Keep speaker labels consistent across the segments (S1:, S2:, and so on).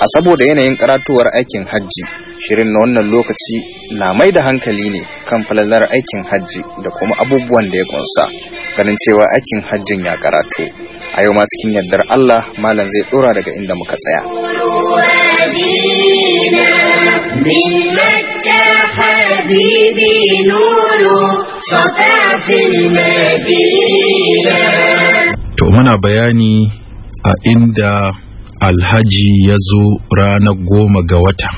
S1: A saboda yanayin karatuwar aikin hajji, shirin na wannan lokaci na mai da hankali ne kan falalar aikin hajji da kuma abubuwan da ya kunsa, ganin cewa aikin hajjin ya karatu. A yau ma cikin yardar Allah, Malam zai tsora daga inda muka tsaya. to muna bayani a inda alhaji ya zo ranar goma ga wata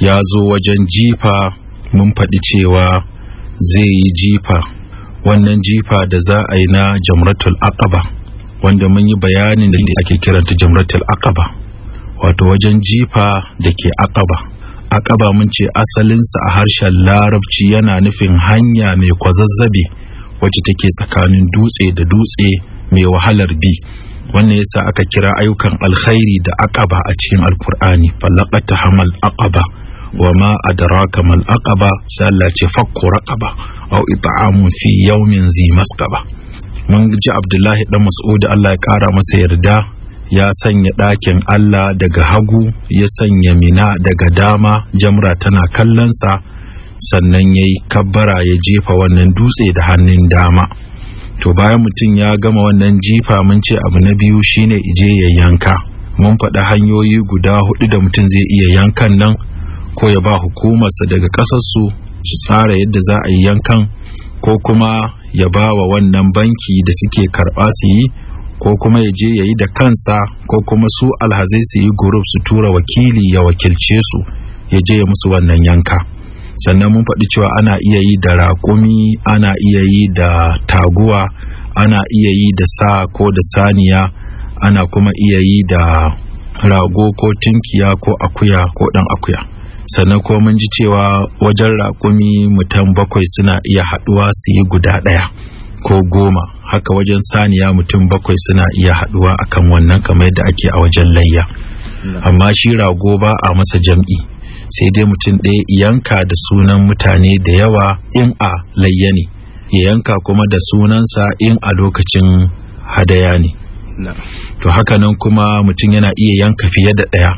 S1: ya zo wajen jifa mun faɗi cewa zai yi jifa wannan jifa da za a yi na jamratul aqaba wanda mun yi bayanin da ake kiranta jamratul aqaba wato wajen jifa da ke aqaba aqaba mun ce asalinsa a harshen larabci yana nufin hanya mai kwazazzabe wacce take tsakanin dutse da dutse mai wahalar bi wannan yasa aka kira ayyukan alkhairi da aqaba a cikin alkur'ani falaqata hamal aqaba wa ma adraka mal aqaba sai Allah ce fakku raqaba aw it'amun fi yawmin zi masqaba mun ji Abdullahi dan Mas'ud Allah ya kara masa yarda ya sanya ɗakin Allah daga hagu ya sanya mina daga dama jamra tana kallonsa sannan yayi kabbara ya jefa wannan dutse da hannun dama to bayan mutum ya gama wannan jifa mun ce abu na biyu shine ije ya yanka mun faɗi hanyoyi guda hudu da mutum zai iya yankan nan ko ya ba hukumarsa daga ƙasarsu su tsara yadda za a yi yankan ko kuma ya ba wa wannan banki da suke karɓa su yi ko kuma ya je ya yi da kansa ko kuma su alhazai su yi guruf su tura wakili ya wakilce su ya je ya musu wannan yanka. sannan mun faɗi cewa ana iya yi da raƙumi ana iya yi da taguwa ana iya yi da sa ko da saniya ana kuma iya yi da rago ko tinkiya ko akuya ko ɗan akuya sannan kuma mun ji cewa wajen raƙumi mutum bakwai suna iya haɗuwa su yi guda ɗaya ko goma haka wajen saniya mutum bakwai suna iya haɗuwa akan wannan kamar yadda ake a wajen layya amma shi rago ba a masa jam'i sai dai mutum ɗaya yanka da sunan mutane da yawa in a layya ne ya yanka kuma da sunansa in a lokacin hadaya ne to haka nan kuma mutum yana iya yanka fiye da ɗaya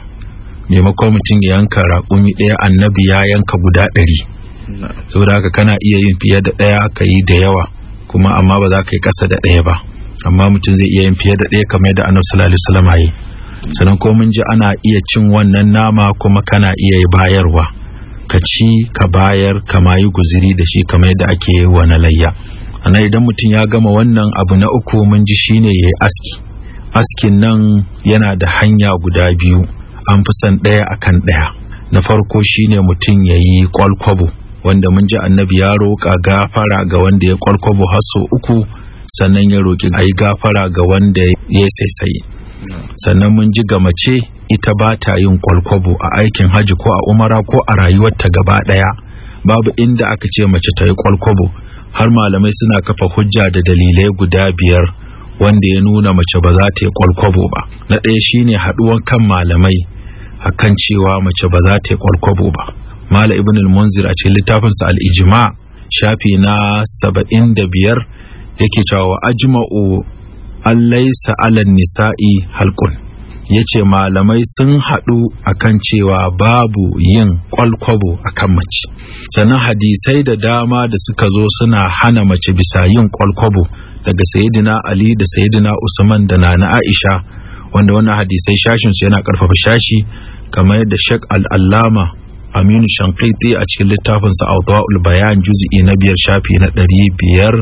S1: maimakon mutum ya yanka raƙumi ɗaya annabi ya yanka guda ɗari Sau saboda haka kana iya yin fiye da ɗaya ka yi da yawa kuma amma ba za ka yi ƙasa da ɗaya ba amma mutum zai iya yin fiye da ɗaya kamar yadda annabi sallallahu alaihi yi sannan ko mun ji ana iya cin wannan nama kuma kana iya bayarwa ka ci ka bayar kama yi guziri da shi kamar yadda ake yi wa na layya ana idan mutum ya gama wannan abu na uku mun ji shine yayi aski askin nan yana da hanya guda biyu an fi son ɗaya akan ɗaya na farko shine mutum ya yi kwalkwabo wanda mun ji annabi ya roƙa gafara ga wanda ya kwalkwabo har sau uku sannan ya roƙi a yi gafara ga wanda ya saisaye sannan mun ji ga mace ita ba ta yin kwalkwabo a aikin haji ko a umara ko a rayuwarta gaba ɗaya babu inda aka ce mace ta yi kwalkwabo har malamai suna kafa hujja da dalilai guda biyar wanda ya nuna mace ba za ta yi kwalkwabo ba na ɗaya shine haɗuwan kan malamai akan cewa mace ba za ta yi kwalkwabo ba mala ibn al-munzir a cikin littafinsa al-ijma shafi na 75 yake cewa ajma'u allaisa alan nisa'i halkun ya ce malamai sun haɗu akan cewa babu yin kwalkwabo akan mace sannan hadisai da dama da suka zo suna hana mace bisa yin kwalkwabo daga sayidina ali da sayidina usman da nana aisha wanda wannan hadisai shashinsu yana ƙarfafa shashi kamar yadda shek al'allama aminu shankaiti a cikin littafinsa autawa'ul bayan juzi'i na biyar shafi na ɗari biyar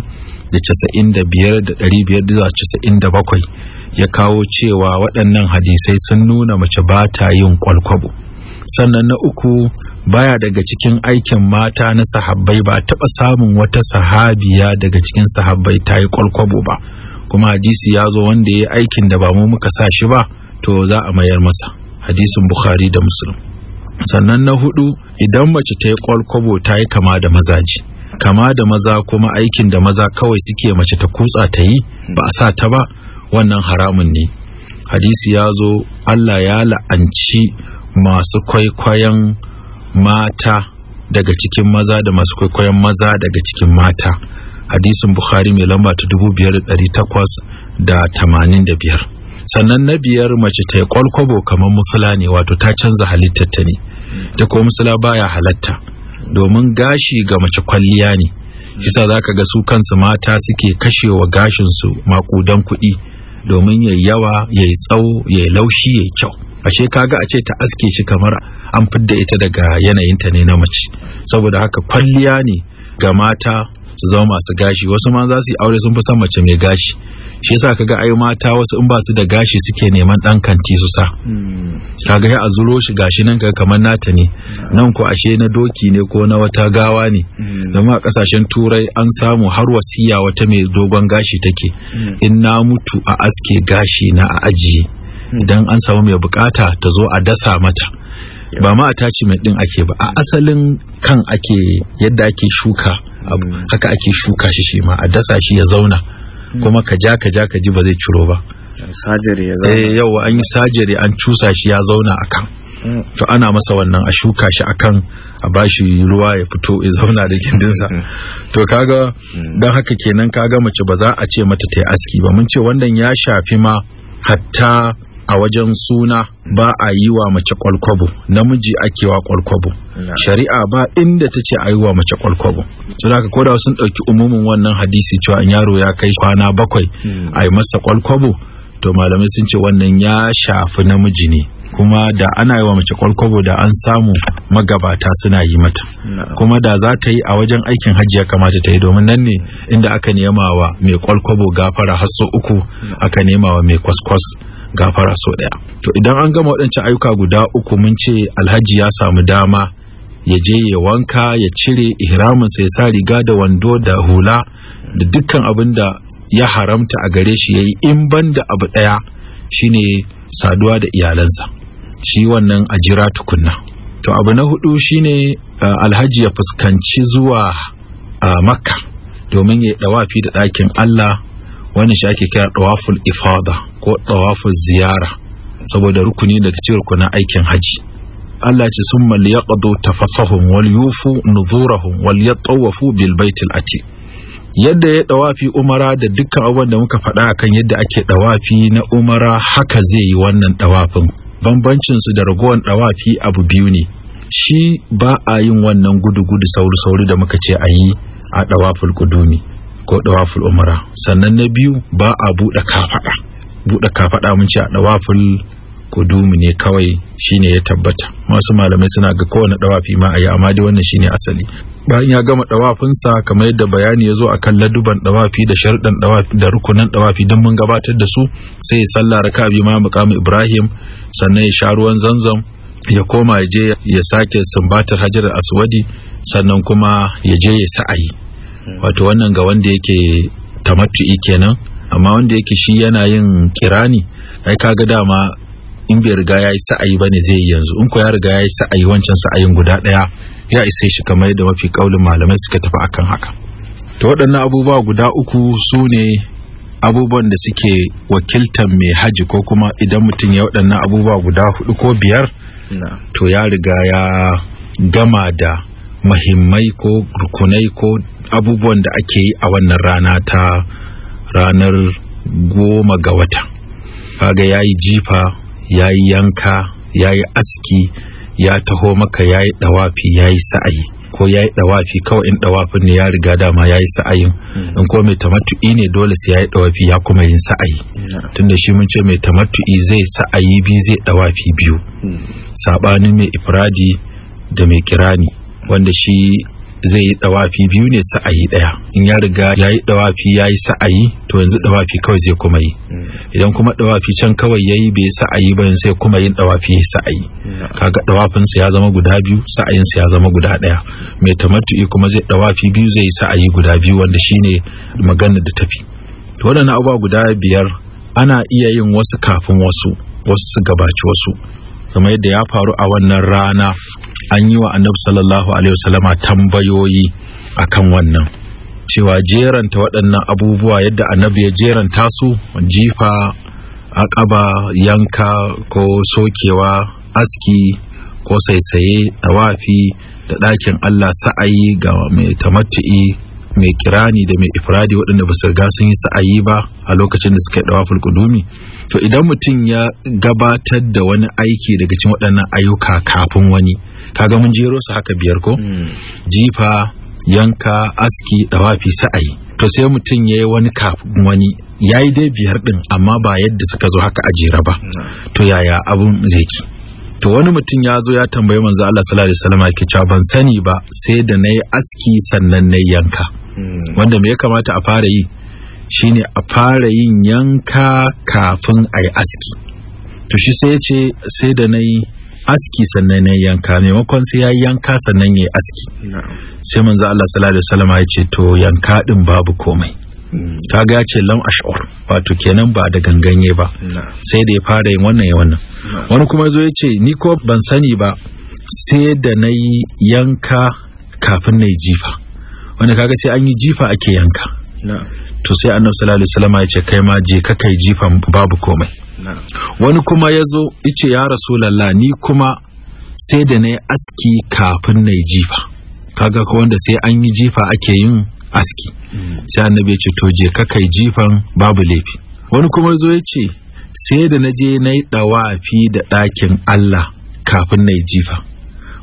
S1: da casa'in da biyar da ɗari biyar da casa'in da bakwai ya kawo cewa waɗannan hadisai sun nuna mace ba ta yin kwalkwabo sannan na uku baya daga cikin aikin mata na sahabbai ba taɓa samun wata sahabiya daga cikin sahabbai ta yi kwalkwabo ba kuma hadisi ya zo wanda ya yi aikin da ba mu muka sa shi ba to za a mayar masa hadisin bukhari da muslim sannan na hudu idan mace ta yi kwalkwabo ta yi kama da mazaji kama da maza kuma aikin da maza kawai suke mace ta kutsa ta yi ba a sa ta ba wannan haramun ne hadisi ya zo allah ya la'anci masu kwaikwayon mata daga cikin maza da masu kwaikwayon maza daga cikin mata hadisin bukhari mai lamba ta biyar. sannan na biyar mace ta kwalkwabo kamar musula ne wato ta canza halittar ta ne ta ko musula baya halatta domin gashi ga mace kwalliya ne kisa za ka ga su kansu mata suke kashewa gashinsu makudan kuɗi domin yayi yawa ya yi tsawo ya yi laushi ya yi kyau ashe kaga a ce ta aske shi kamar an fidda ita daga yanayinta ne na mace saboda haka kwalliya ne ga mata su zama masu gashi wasu ma za su yi aure sun fi son mace mai gashi shi yasa kaga ai mata wasu in ba su da gashi suke neman dan kanti su sa hmm. kaga ya azuro shi gashi nan kaga kamar nata ne nan ko ashe na doki ne ko na wata gawa ne zama hmm. a kasashen turai an samu har wasiya wata mai dogon gashi take hmm. in na mutu a aske gashi na a ajiye idan an samu mai bukata ta zo a dasa mata ba ma attachment din ake ba a asalin kan ake yadda ake shuka abu hmm. haka ake shuka shi shi ma a dasa shi ya zauna hmm. kuma ka ja ka ja ka ji ba zai ciro ba sajari ya zauna eh yawa an yi sajari an cusa shi ya zauna akan hmm. to ana masa wannan a shuka shi akan a bashi ruwa ya fito ya zauna da gindinsa to kaga dan haka kenan kaga mace ba za a ce mata ta aski ba mun ce wannan ya shafi ma hatta a wajen suna ba a yi wa mace kwalkwabo namiji ake wa kwalkwabo shari'a ba inda ta ce a yi wa mace kwalkwabo ko da ka koda sun ɗauki umumin wannan hadisi cewa yaro ya kai kwana bakwai hmm. a yi masa kwalkwabo to malamai sun ce wannan ya shafi namiji ne kuma da ana yi wa mace kwalkwabo da an samu magabata suna yi mata kuma da za ta yi a wajen aikin hajji ya kamata ta yi domin nan ne inda aka nema wa mai kwalkwabo gafara hasso uku aka nema wa mai kwaskwas gafara sau ɗaya to idan an gama waɗancan ayyuka guda uku mun ce alhaji ya samu dama ya je ya wanka ya cire ihramin ya sa riga da wando da hula da dukkan abin da ya haramta a gare shi ya yi in ban da abu ɗaya shine saduwa da iyalansa shi wannan a jira tukunna to abu na hudu shine uh, alhaji ya fuskanci zuwa uh, makka domin ya dawafi da ɗakin allah wani shi ake kira dawaful ifada ko dawaful ziyara saboda rukuni daga cikin rukunin aikin haji Allah ya ce summa liyaqdu tafaffahum wal yufu nuzurahum wal yatawafu bil baitil ati yadda ya dawafi umara da dukkan abubuwan da muka faɗa akan yadda ake dawafi na umara haka zai yi wannan dawafin bambancin su da ragowar dawafi abu biyu ne shi ba a yin wannan gudu-gudu sauri-sauri da muka ce a yi a dawaful kudumi ko dawaful umara sannan na biyu ba a buɗe kafaɗa buɗe kafaɗa mun ce a dawaful kudumi ne kawai shine ya tabbata masu malamai suna ga kowane dawafi ma a yi amma dai wannan shine asali bayan ya gama dawafinsa kamar yadda bayani ya zo a kan laduban dawafi da sharɗan dawafi da rukunan dawafi don mun gabatar da su sai ya sallah raka bi ma mukamin ibrahim sannan ya sha ruwan zanzam ya koma ya je ya sake sumbatar hajar aswadi sannan kuma ya je ya sa'ayi Hmm. wato wannan ga wanda yake tamattu'i kenan amma wanda yake shi yana yin kirani ai kaga dama in bai riga yayi sa'ayi ba ne zai yi yanzu in ko ya riga ya yi sa'ayi wancan sa'ayin guda ɗaya ya isa shi kamar da mafi kaulin malamai suka tafi akan haka to waɗannan abubuwa guda uku su ne abubuwan da suke wakiltan mai haji ko kuma idan mutum ya waɗannan abubuwa guda hudu ko biyar to ya riga ya gama da mahimmai ko rukunai ko abubuwan da ake yi a wannan rana ta ranar goma ga wata kaga ya yi jifa ya yi yanka ya yi aski ya taho maka ya yi ɗawafi ya yi sa'ayi ko ya yi ɗawafi kawai in ɗawafin ne ya riga dama ya yi sa'ayin hmm. in ko mai tamatu'i ne dole sai ya yi ɗawafi ya kuma yin sa'ayi tunda shi mun ce mai tamatu'i zai sa'ayi biyu zai ɗawafi biyu hmm. saɓanin mai ifradi da mai kirani wanda shi zai yi dawafi biyu ne sa'ayi daya in ya riga ya yi dawafi ya yi sa'ayi to yanzu dawafi kawai zai kuma yi hmm. idan kuma dawafi can kawai ya yi bai sa'ayi ba sai kuma yin dawafi ya sa'ayi hmm. kaga dawafinsa ya zama guda biyu sa'ayinsa ya zama guda daya mai tamattu'i kuma zai dawafi biyu zai yi sa'ayi guda biyu wanda shine magana da tafi to waɗannan abubuwa guda biyar ana iya yin wasu kafin wasu wasu su gabaci wasu kamar yadda ya faru a wannan rana an yi wa annabi sallallahu alaihi wasallama tambayoyi akan wannan cewa jeranta waɗannan abubuwa yadda annabi ya jeranta su jifa akaba yanka ko sokewa aski ko saisaye tawafi da ɗakin Allah sa'ayi ga mai tamattu'i mai kirani da mai ifradi waɗanda ba su riga sun yi sa'ayi ba a lokacin da suka yi dawa fulkudumi to idan mutum ya gabatar da wani aiki daga cikin waɗannan ayyuka kafin wani kaga mun jero su haka biyar ko hmm. jifa yanka aski dawafi sa'ayi to sai mutum ya yi wani kafin wani ya yi dai biyar ɗin amma ba yadda suka zo haka a jera ba hmm. to yaya abun zai to wani mutum ya zo ya tambayi manzo Allah sallallahu alaihi wasallam ake cewa ban sani ba sai da nayi aski sannan nayi yanka Hmm. wanda me ya kamata a fara yi shine a fara yin yanka kafin a yi aski to shi sai ya ce sai da na yi aski sannan na yanka maimakon sai ya yanka sannan ya yi aski sai manzo Allah sallallahu alaihi wasallam ya ce to yanka din babu komai hmm. kaga ya ce lam ash'ur wato kenan ba da ganganye ba sai da ya fara yin wannan ya wannan wani kuma yazo ya ce ni ko ban sani ba sai da na yi yanka kafin na yi jifa wanda kaga sai an yi jifa ake yanka to sai annabi sallallahu alaihi wasallam ya ce kai ma je ka kai jifan babu komai wani kuma ya zo yace ya rasulullah ni kuma sai da na yi aski kafin na yi jifa kaga ko wanda sai an yi jifa ake yin aski mm. sai annabi ya ce to je ka kai jifan babu laifi wani kuma zo ya ce sai da na je na yi dawafi da ɗakin Allah kafin na yi jifa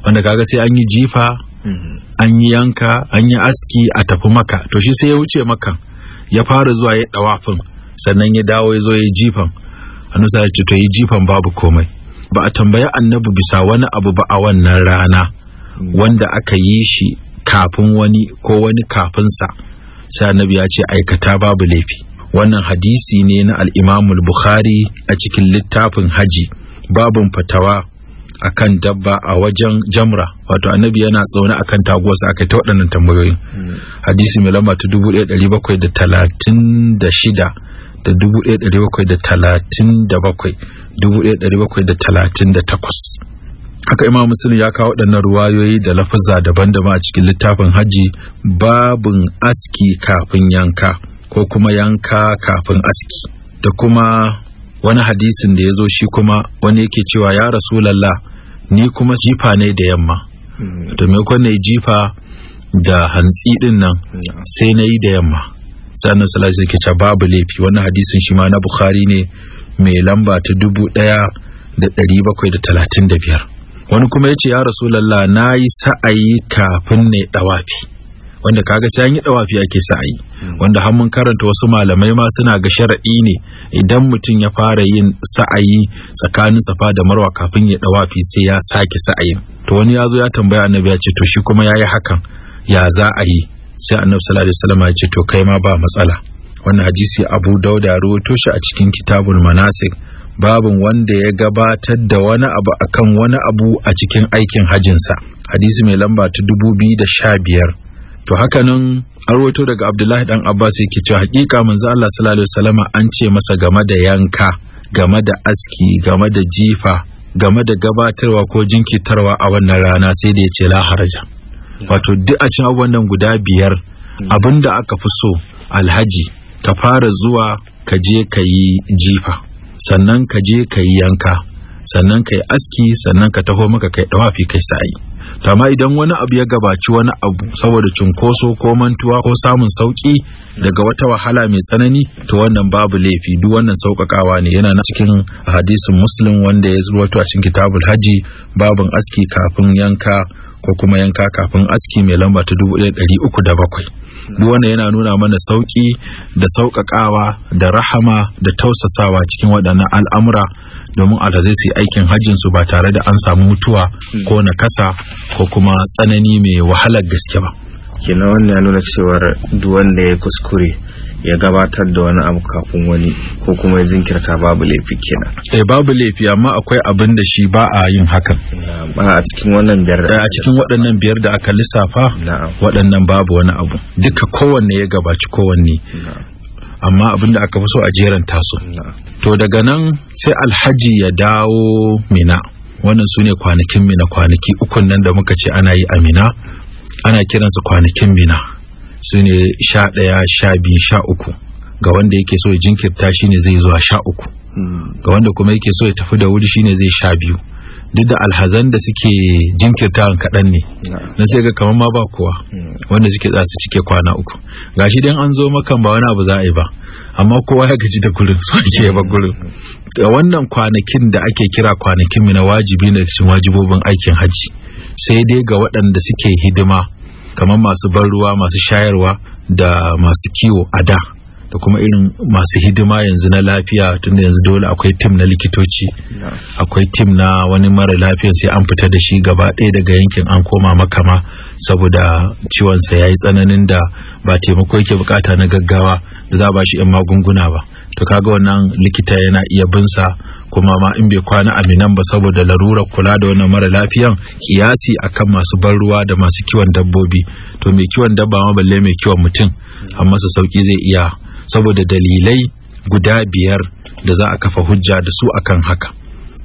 S1: wanda kaga sai an yi jifa mhm. an yi yanka an yi aski a tafi maka to shi sai ya wuce maka ya fara zuwa ya dawafin sannan ya dawo ya zo ya jifan annabi sa ya ce to yi jifan babu komai ba a tambaya annabi bisa wani abu ba a wannan rana mhm. wanda aka yi shi kafin wani ko wani kafin sa sai annabi ya ce aikata babu laifi wannan hadisi ne na al-Imam bukhari a cikin littafin Haji babun fatawa akan dabba a wajen jamra wato annabi yana tsaune akan taguwarsa akai ta waɗannan tambayoyi hadisi mai lamba ta 1736 da 1737 1738 haka imam muslim ya kawo waɗannan ruwayoyi da lafaza daban-daban a cikin littafin hajji babin aski kafin yanka ko kuma yanka kafin aski da kuma wani hadisin da ya zo shi kuma wani yake cewa ya rasulallah ni kuma jifa ne da yamma to me kwanne jifa da hantsi din nan hmm. sai na yi da yamma sannan salatu ke cewa babu laifi wani hadisin shi ma na bukhari ne mai lamba ta dubu daya da dari bakwai da talatin da biyar wani kuma ya ce ya rasulallah na yi sa'ayi kafin ne dawafi wanda kaga sai an yi dawafi ake sa yi wanda har mun karanta wasu malamai ma suna ga shar'i ne idan mutum ya fara yin sa'ayi tsakanin safa da marwa kafin ya dawafi sai ya sake sa'ayin to wani ya zo ya tambaya annabi ya ce to shi kuma yayi hakan ya za a yi sai annabi sallallahu alaihi wasallam ya ce to kai ma ba matsala wannan hadisi Abu Dauda ya rawaito shi a cikin Kitabul Manasik babin wanda ya gabatar da wani abu akan wani abu a cikin aikin hajinsa hadisi mai lamba ta 2015 to haka nan an daga Abdullahi dan Abbas yake cewa hakika manzo Allah sallallahu alaihi wasallama an ce masa game da yanka game da aski game da jifa game da gabatarwa ko jinkitarwa a wannan rana sai da yace la haraja wato duk a cikin abubuwan guda biyar abinda aka fi so alhaji ka fara zuwa ka je ka yi jifa sannan ka je ka yi yanka sannan ka yi aski sannan ka taho maka kai dawafi kai sa'i amma idan wani abu ya gabaci wani abu saboda cunkoso ko mantuwa ko samun sauki daga wata wahala mai tsanani to wannan babu laifi duk wannan sauƙaƙawa ne yana cikin hadisin muslim wanda ya zuwa a cikin kitabul haji babin aski kafin yanka ko kuma yanka kafin aski mai lamba ta 1307 duk wannan yana nuna mana sauki da sauƙaƙawa da rahama da tausasawa cikin waɗannan al'amura domin alhazai su aikin hajjin su ba tare da an samu mutuwa ko nakasa ko kuma tsanani mai wahalar gaske ba kenan wannan ya nuna cewar duk wanda ya kuskure ya gabatar da wani abu kafin wani ko kuma ya zinkirta babu laifi kenan eh babu laifi amma akwai abin da shi ba a yin hakan a cikin wannan biyar da eh, a cikin waɗannan biyar da aka lissafa waɗannan babu wani abu duka kowanne ya gabaci kowanne amma abin da aka fi so a jeran taso to daga nan sai alhaji ya dawo mina wannan sune kwanakin mina kwanaki ukun nan da muka ce ana yi a mina ana kiransu kwanakin mina su ne sha ɗaya sha biyu sha uku ga wanda yake so ya jinkirta ne zai zuwa sha uku ga wanda kuma yake so ya tafi da wuri ne zai sha biyu duk da alhazan da suke jinkirta kaɗan ne na sai ga kamar ma ba kowa hmm. wanda suke za su cike kwana uku gashi dan an zo makan ba wani abu za a yi ba amma kowa ya gaji da gurin su ake ba gurin da wannan kwanakin da ake kira kwanakin mu na wajibi na cikin wajibobin aikin hajji sai dai ga waɗanda suke hidima kamar masu ban ruwa masu shayarwa da masu kiwo a da da kuma irin masu hidima yanzu na lafiya tunda yanzu dole akwai tim na likitoci akwai tim na wani mara lafiya sai an fita da shi gaba ɗaya daga yankin an koma makama saboda ciwonsa ya yi tsananin da ba taimako yake bukata na gaggawa da za ba shi 'yan magunguna ba to kaga wannan likita yana iya binsa kuma ma in bai kwana a minan ba saboda larurar kula da wannan mara lafiyan kiyasi akan masu ban ruwa da masu kiwon dabbobi to mai kiwon dabba ma balle mai kiwon mutum amma su sauki zai iya saboda dalilai guda biyar da za a kafa hujja da su akan haka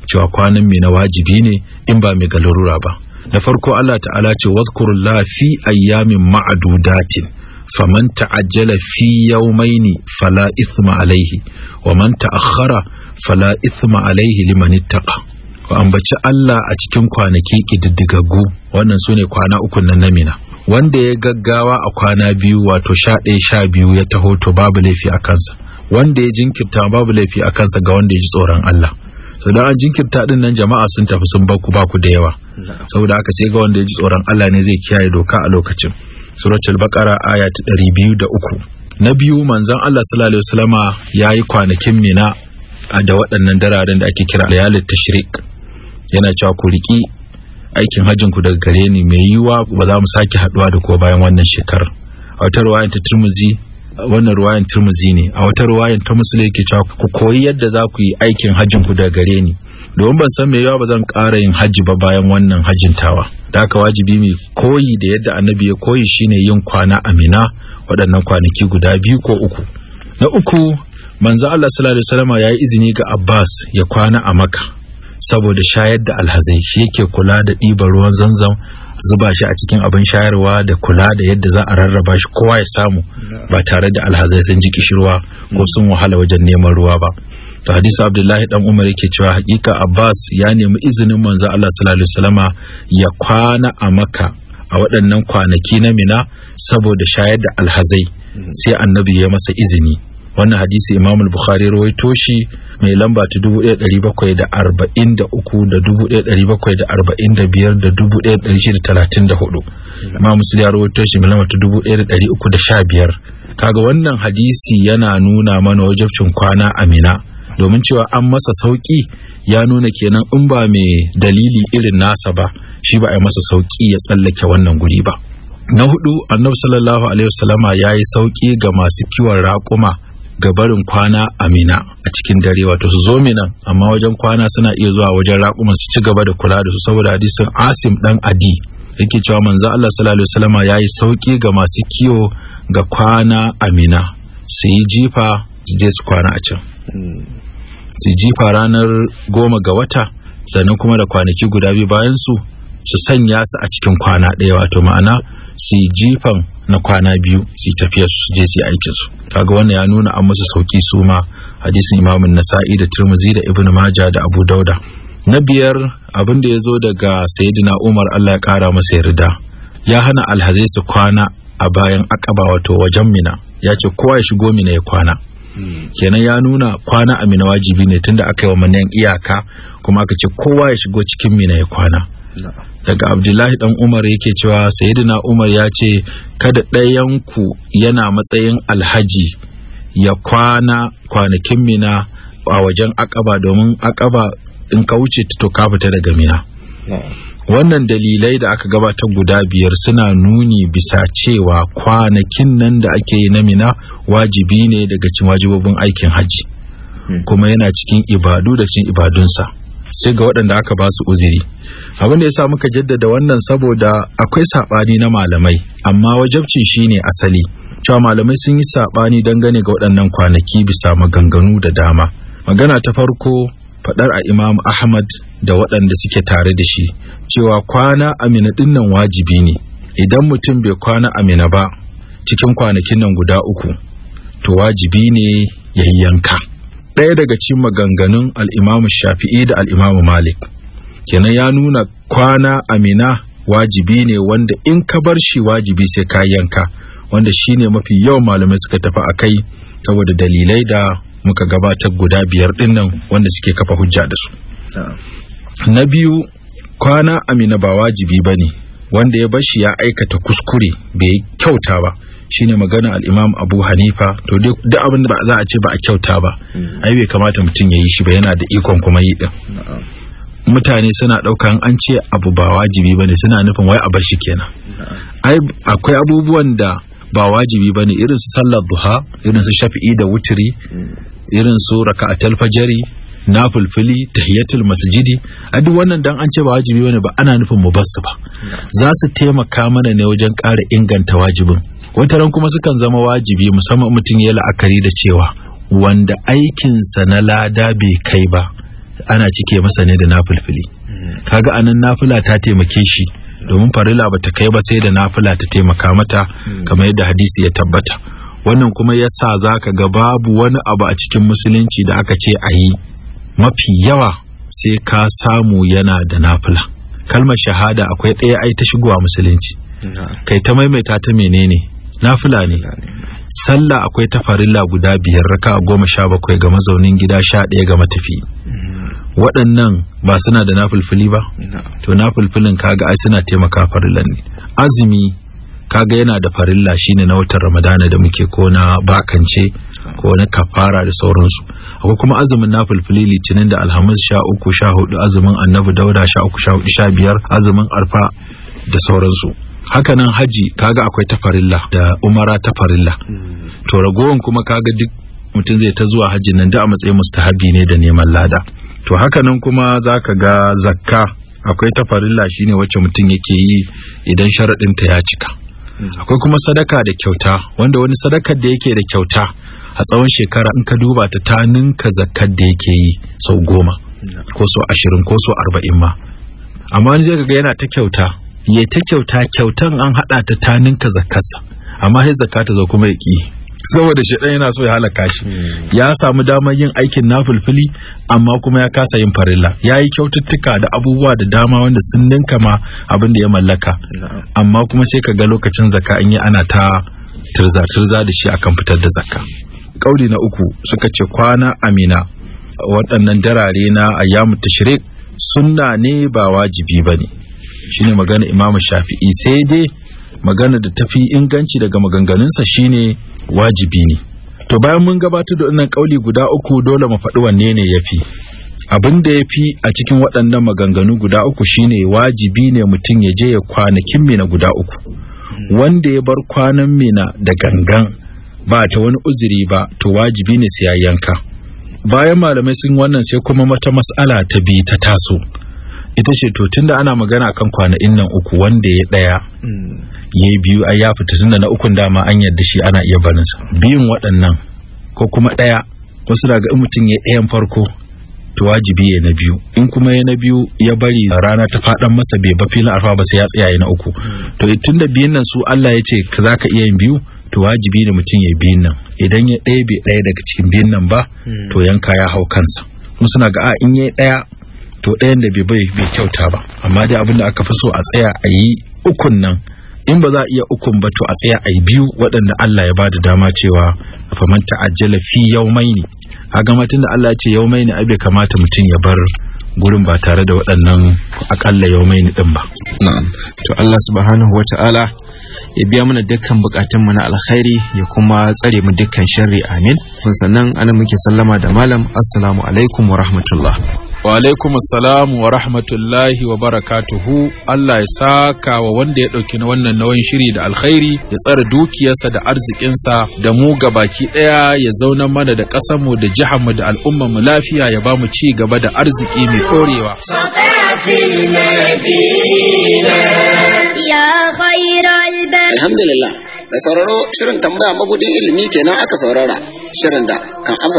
S1: cewa kwanan mai na wajibi ne in ba mai ga larura ba Na farko Allah ta'ala ce wadkurullaha fi ayyamin ma'adudatin faman ta'ajjala fi yawmaini fala ithma alaihi wa man ta'akhkhara fala ithma alaihi liman ittaqa ku ambaci Allah a cikin kwanaki kididdigaggu wannan sune kwana uku nan wanda ya gaggawa a kwana biyu wato sha ɗaya sha biyu ya taho to babu laifi a kansa wanda ya jinkirta babu laifi a kansa ga wanda ya ji tsoron Allah da an jinkirta ɗin nan jama'a sun tafi sun baku baku da yawa saboda haka sai ga wanda ya ji tsoron Allah ne zai kiyaye doka a lokacin suratul baqara aya ta 203 na biyu manzon Allah sallallahu alaihi wasallama yayi kwanakin mina da waɗannan dararen da ake kira layalit tashrik yana cewa ku riki aikin hajjin ku daga gare ni mai yiwa ba za mu sake haduwa da ko bayan wannan shekar a wata ruwayan ta Tirmidhi wannan ruwayan Tirmidhi ne a wata ruwayan ta Muslim yake cewa ku koyi yadda za ku yi aikin hajjin ku daga gare ni domin ban san mai yiwa ba zan ƙara yin hajji ba bayan wannan hajjin tawa da aka wajibi mai koyi da yadda annabi ya koyi shine yin kwana amina waɗannan kwanaki guda biyu ko uku na uku manzo Allah sallallahu alaihi wasallam ya yi izini ga Abbas ya kwana a Makka saboda shayar da alhazai shi yake kula da ɗiban ruwan zanzam zuba shi a cikin abin shayarwa da kula da yadda za a rarraba shi kowa ya samu ba tare da alhazai sun ji kishirwa ko sun wahala wajen neman ruwa ba to hadisi abdullahi dan umar yake cewa hakika abbas ya nemi izinin manzo allah sallallahu alaihi wasallama ya kwana a maka a waɗannan kwanaki na mina saboda shayar da alhazai mhm. sai annabi ya masa izini wannan hadisi imamul bukhari rawaito shi mai lamba ta 1743 da 1745 da 1634 mhm. imam muslim ya rawaito shi mai lamba ta 1315 kaga wannan hadisi yana nuna mana wajabcin kwana amina domin cewa an masa sauƙi ya nuna kenan in ba mai dalili irin nasa ba shi ba a yi masa sauki ya tsallake wannan guri ba na hudu annabi sallallahu alaihi wasallama ya yi sauki ga masu kiwon raƙuma ga barin kwana a mina a cikin dare wato su zo mina amma wajen kwana suna iya zuwa wajen raƙuma, su ci gaba da kula da su saboda hadisin asim dan adi yake cewa manzo Allah sallallahu alaihi wasallama ya yi sauki ga masu kiwo ga kwana a mina su yi jifa su je su kwana a can hmm. jifa ranar goma ga wata sannan kuma da kwanaki guda biyu bayan su su sanya su a cikin kwana ɗaya wato ma'ana su jifan na kwana biyu su tafiya su je su aikin su kaga wannan ya nuna an musu sauki su ma hadisin imamun nasa'i da turmuzi da ibnu maja da abu dauda na biyar abin da ya zo daga sayyidina umar allah ya kara masa yarda ya hana alhazai su kwana a bayan akaba wato wajen mina ya ce kowa ya shigo mina ya kwana kenan ya nuna kwana a mina wajibi ne tunda aka yi wa manyan iyaka kuma aka ce kowa ya shigo cikin mina ya kwana daga abdullahi dan umar yake cewa sayyidina umar ya ce kada ku yana matsayin alhaji ya kwana kwanakin mina a wajen akaba domin akaba in ka wuce to ka fita daga mina wannan dalilai da aka gabata guda biyar suna nuni bisa cewa kwanakin nan da ake yi na mina wajibi ne daga cin wajibobin aikin hajji hmm. kuma yana cikin ibadu da cin ibadunsa sai ga waɗanda aka ba su uziri abin da ya sa muka jaddada wannan saboda akwai saɓani na malamai amma wajabcin shine asali cewa malamai sun yi saɓani dangane ga waɗannan kwanaki bisa maganganu da dama magana ta farko fadar a imam ahmad da waɗanda suke tare da shi cewa kwana amina dinnan wajibi ne idan mutum bai kwana amina ba cikin kwanakin nan guda uku to wajibi ne ya yi yanka ɗaya daga cikin maganganun al'imamu shafi'i da al'imamu malik kenan ya nuna kwana amina wajibi ne wanda in ka bar shi wajibi sai ka yanka wanda shine mafi yawan malamai suka tafi a kai saboda dalilai da muka gabatar guda biyar din nan wanda suke kafa hujja da su na biyu kwana amina ba wajibi ba ne wanda ya bashi ya aikata kuskure bai kyauta ba shine magana al'imam abu hanifa to duk abin da ba za a ce ba a kyauta ba mm. ai bai kamata mutum ya yi shi ba yana da ikon kuma yi din mutane suna ɗaukan an ce abu ba wajibi bane suna nufin wai a bar kenan ai akwai abubuwan da ba wajibi ba ne irin su sallar duha irin su shafi'i da wutiri irin su raka'atul fajari na fulfili tahiyatul masjidi a duk wannan dan an ce ba wajibi bane ba ana nufin mu basu ba za su taimaka mana ne wajen ƙara inganta wajibin wata ran kuma sukan zama wajibi musamman mutum ya la'akari da cewa wanda aikinsa na lada bai kai ba ana cike masa ne da Ka kaga anan nafula ta taimake shi domin farilla bata kai ba sai da nafila ta taimaka mata hmm. kamar yadda hadisi ya tabbata wannan kuma yasa ka ga babu wani abu a cikin musulunci da aka ce ayi mafi yawa sai ka samu yana da nafila kalmar shahada akwai ɗaya ai ta shigowa musulunci kai ta maimaita ta menene nafila ne sallah akwai ta farilla guda biyar raka goma sha bakwai ga mazaunin gida sha ɗaya ga matafi hmm. waɗannan ba suna da nafulfuli ba to nafulfulin kaga ai suna taimaka farilla ne azumi kaga yana da farilla shine na watan ramadana da muke ko na bakance ko na kafara da sauransu akwai kuma azumin nafulfuli litinin da alhamis sha uku sha hudu azumin annabi dauda sha uku sha hudu sha biyar azumin arfa da sauransu nan haji kaga akwai tafarilla da umara tafarilla hmm. to ragowan kuma kaga duk mutum zai ta zuwa hajji nan da a matsayin mustahabi ne da neman lada to hakanan kuma za ka ga zakka akwai tafarilla shine wacce mutum yake yi idan sharaɗinta ya cika hmm. akwai kuma sadaka da kyauta wanda wani sadakar da yake da kyauta a tsawon shekara in ka duba ta ta ninka zakkar da yake yi sau goma ko sau ashirin ko sau arba'in ma amma wani zai ga yana ta kyauta ya ta kyauta kyautan an haɗa ta ta ninka zakkarsa amma sai zakka ta zo kuma ya ƙi saboda shaɗan yana so ya halaka shi ya samu damar yin aikin nafilfili amma kuma ya kasa yin farilla ya yi kyaututtuka da abubuwa da dama wanda sun ninka ma abin da ya mallaka amma kuma sai ka ga lokacin zaka in yi ana ta turza-turza da shi akan fitar da zakka kauli na uku suka ce kwana amina waɗannan darare na ayyamu tashrik sunna ne ba wajibi bane shine magana imamu shafi'i sai dai magana da tafi inganci daga maganganunsa shine wajibi ne to bayan mun gabatar da wannan kauli guda uku dole mu faɗi wanne ne yafi abin da yafi a cikin waɗannan maganganu guda uku shine wajibi ne mutum ya je ya kwanakin mina guda uku wanda ya bar kwanan mina da gangan ba ta wani uzuri ba to wajibi ne sai ya yanka bayan malamai sun wannan sai kuma mata mas'ala ta bi ta taso ita ce to tunda ana magana kan kwanakin nan uku wanda ya daya mm. yayi biyu ai ya fita tunda na ukun dama an yarda shi ana iya barinsa biyun waɗannan ko kuma ɗaya wasu daga in mutum ya ɗayan farko to wajibi ya na biyu in kuma ya na biyu ya bari rana ta faɗan masa bai ba filin arfa ba sai ya tsaya na uku to tunda biyun nan su Allah ya ce za ka iya yin biyu to wajibi ne mutum ya biyun nan idan ya ɗaya bai ɗaya daga cikin biyun nan ba to hmm. yanka ya hau kansa kuma suna ga a in ya ɗaya to ɗayan da bai bai kyauta ba amma dai abin da aka fi so a tsaya a yi ukun nan in ba za a iya ukun ba to a tsaya a biyu waɗanda Allah ya bada dama cewa faman ta'ajjala fi yawmaini a ga da Allah ya ce yawmaini abin kamata mutum ya bar gurin ba tare da waɗannan akalla yawmaini din ba na'am to Allah subhanahu wata'ala ya biya mana dukkan bukatun mu na alkhairi ya kuma tsare mu dukkan sharri amin sannan ana muke sallama da malam assalamu alaikum wa rahmatullah wa alaikum wa rahmatullahi wa barakatuhu Allah ya saka wa wanda ya ɗauki na wannan nawan shiri da alkhairi ya tsara dukiyarsa da arzikinsa da mu baki ɗaya ya zauna mana da ƙasarmu da jiharmu da mu lafiya ya ba mu ci gaba da arziki mai ɗorewa. Alhamdulillah, da sauraro shirin tambaya mabudin ilimi kenan aka saurara shirin da kan